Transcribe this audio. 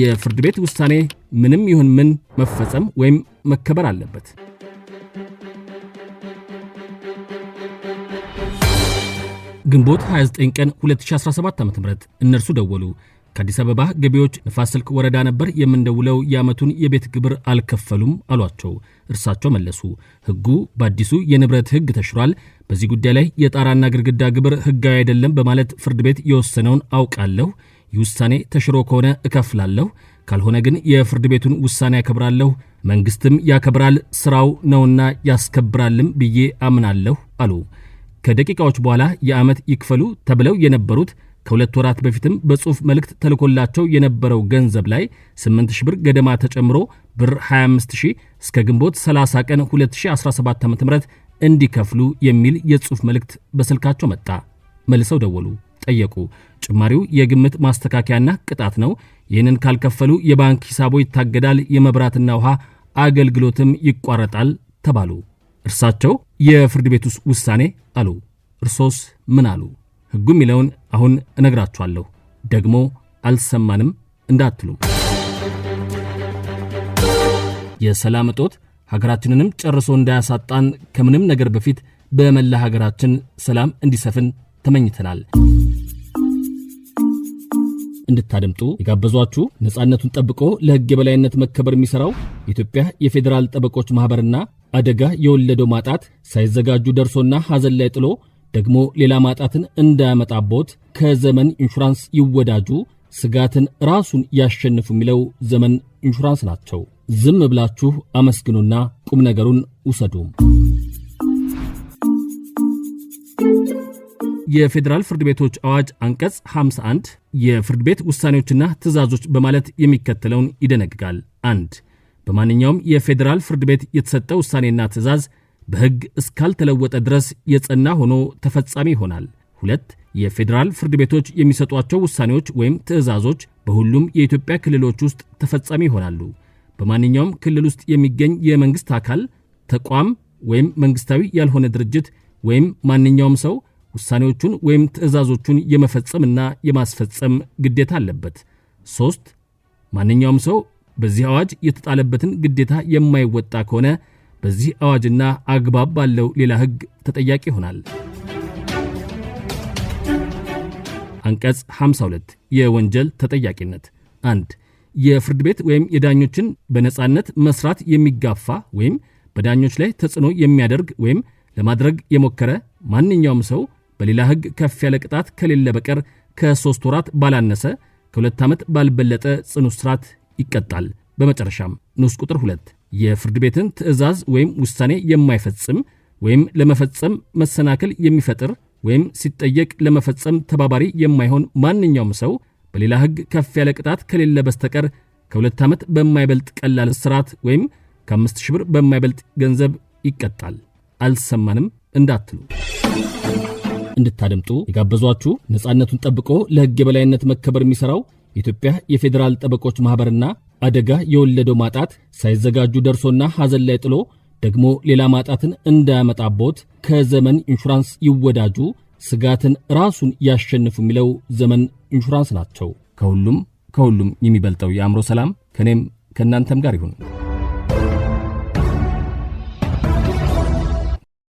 የፍርድ ቤት ውሳኔ ምንም ይሁን ምን መፈጸም ወይም መከበር አለበት። ግንቦት 29 ቀን 2017 ዓ.ም እነርሱ ደወሉ። ከአዲስ አበባ ገቢዎች ንፋስ ስልክ ወረዳ ነበር የምንደውለው፣ የዓመቱን የቤት ግብር አልከፈሉም አሏቸው። እርሳቸው መለሱ፣ ሕጉ በአዲሱ የንብረት ሕግ ተሽሯል። በዚህ ጉዳይ ላይ የጣራና ግድግዳ ግብር ሕጋዊ አይደለም በማለት ፍርድ ቤት የወሰነውን አውቃለሁ ይህ ውሳኔ ተሽሮ ከሆነ እከፍላለሁ፣ ካልሆነ ግን የፍርድ ቤቱን ውሳኔ ያከብራለሁ፣ መንግስትም ያከብራል፣ ስራው ነውና ያስከብራልም ብዬ አምናለሁ አሉ። ከደቂቃዎች በኋላ የዓመት ይክፈሉ ተብለው የነበሩት ከሁለት ወራት በፊትም በጽሑፍ መልእክት ተልኮላቸው የነበረው ገንዘብ ላይ 8000 ብር ገደማ ተጨምሮ ብር 25 እስከ ግንቦት 30 ቀን 2017 .ም እንዲከፍሉ የሚል የጽሑፍ መልእክት በስልካቸው መጣ። መልሰው ደወሉ። ጠየቁ። ጭማሪው የግምት ማስተካከያና ቅጣት ነው። ይህንን ካልከፈሉ የባንክ ሂሳቦ ይታገዳል፣ የመብራትና ውሃ አገልግሎትም ይቋረጣል ተባሉ። እርሳቸው የፍርድ ቤት ውስጥ ውሳኔ አሉ። እርሶስ ምን አሉ? ሕጉ የሚለውን አሁን እነግራችኋለሁ። ደግሞ አልሰማንም እንዳትሉም። የሰላም እጦት ሀገራችንንም ጨርሶ እንዳያሳጣን ከምንም ነገር በፊት በመላ ሀገራችን ሰላም እንዲሰፍን ተመኝተናል። እንድታደምጡ የጋበዟችሁ ነፃነቱን ጠብቆ ለህግ የበላይነት መከበር የሚሰራው የኢትዮጵያ የፌዴራል ጠበቆች ማኅበርና አደጋ የወለደው ማጣት ሳይዘጋጁ ደርሶና ሐዘን ላይ ጥሎ ደግሞ ሌላ ማጣትን እንዳያመጣቦት ከዘመን ኢንሹራንስ ይወዳጁ። ስጋትን ራሱን ያሸንፉ የሚለው ዘመን ኢንሹራንስ ናቸው። ዝም ብላችሁ አመስግኑና ቁም ነገሩን ውሰዱ። የፌዴራል ፍርድ ቤቶች አዋጅ አንቀጽ 51 የፍርድ ቤት ውሳኔዎችና ትዕዛዞች በማለት የሚከተለውን ይደነግጋል። አንድ በማንኛውም የፌዴራል ፍርድ ቤት የተሰጠ ውሳኔና ትዕዛዝ በሕግ እስካልተለወጠ ድረስ የጸና ሆኖ ተፈጻሚ ይሆናል። ሁለት የፌዴራል ፍርድ ቤቶች የሚሰጧቸው ውሳኔዎች ወይም ትዕዛዞች በሁሉም የኢትዮጵያ ክልሎች ውስጥ ተፈጻሚ ይሆናሉ። በማንኛውም ክልል ውስጥ የሚገኝ የመንግሥት አካል፣ ተቋም ወይም መንግሥታዊ ያልሆነ ድርጅት ወይም ማንኛውም ሰው ውሳኔዎቹን ወይም ትዕዛዞቹን የመፈጸምና የማስፈጸም ግዴታ አለበት። ሶስት ማንኛውም ሰው በዚህ አዋጅ የተጣለበትን ግዴታ የማይወጣ ከሆነ በዚህ አዋጅና አግባብ ባለው ሌላ ሕግ ተጠያቂ ይሆናል። አንቀጽ 52 የወንጀል ተጠያቂነት አንድ የፍርድ ቤት ወይም የዳኞችን በነፃነት መስራት የሚጋፋ ወይም በዳኞች ላይ ተጽዕኖ የሚያደርግ ወይም ለማድረግ የሞከረ ማንኛውም ሰው በሌላ ህግ ከፍ ያለ ቅጣት ከሌለ በቀር ከሶስት ወራት ባላነሰ ከሁለት ዓመት ባልበለጠ ጽኑ እስራት ይቀጣል። በመጨረሻም ንዑስ ቁጥር ሁለት የፍርድ ቤትን ትዕዛዝ ወይም ውሳኔ የማይፈጽም ወይም ለመፈጸም መሰናክል የሚፈጥር ወይም ሲጠየቅ ለመፈጸም ተባባሪ የማይሆን ማንኛውም ሰው በሌላ ህግ ከፍ ያለ ቅጣት ከሌለ በስተቀር ከሁለት ዓመት በማይበልጥ ቀላል እስራት ወይም ከአምስት ሺህ ብር በማይበልጥ ገንዘብ ይቀጣል። አልሰማንም እንዳትሉ እንድታደምጡ የጋበዟችሁ ነፃነቱን ጠብቆ ለህግ የበላይነት መከበር የሚሠራው የኢትዮጵያ የፌዴራል ጠበቆች ማኅበርና አደጋ የወለደው ማጣት ሳይዘጋጁ ደርሶና ሐዘን ላይ ጥሎ ደግሞ ሌላ ማጣትን እንዳያመጣቦት ከዘመን ኢንሹራንስ ይወዳጁ። ስጋትን ራሱን ያሸንፉ የሚለው ዘመን ኢንሹራንስ ናቸው። ከሁሉም ከሁሉም የሚበልጠው የአእምሮ ሰላም ከእኔም ከእናንተም ጋር ይሁን።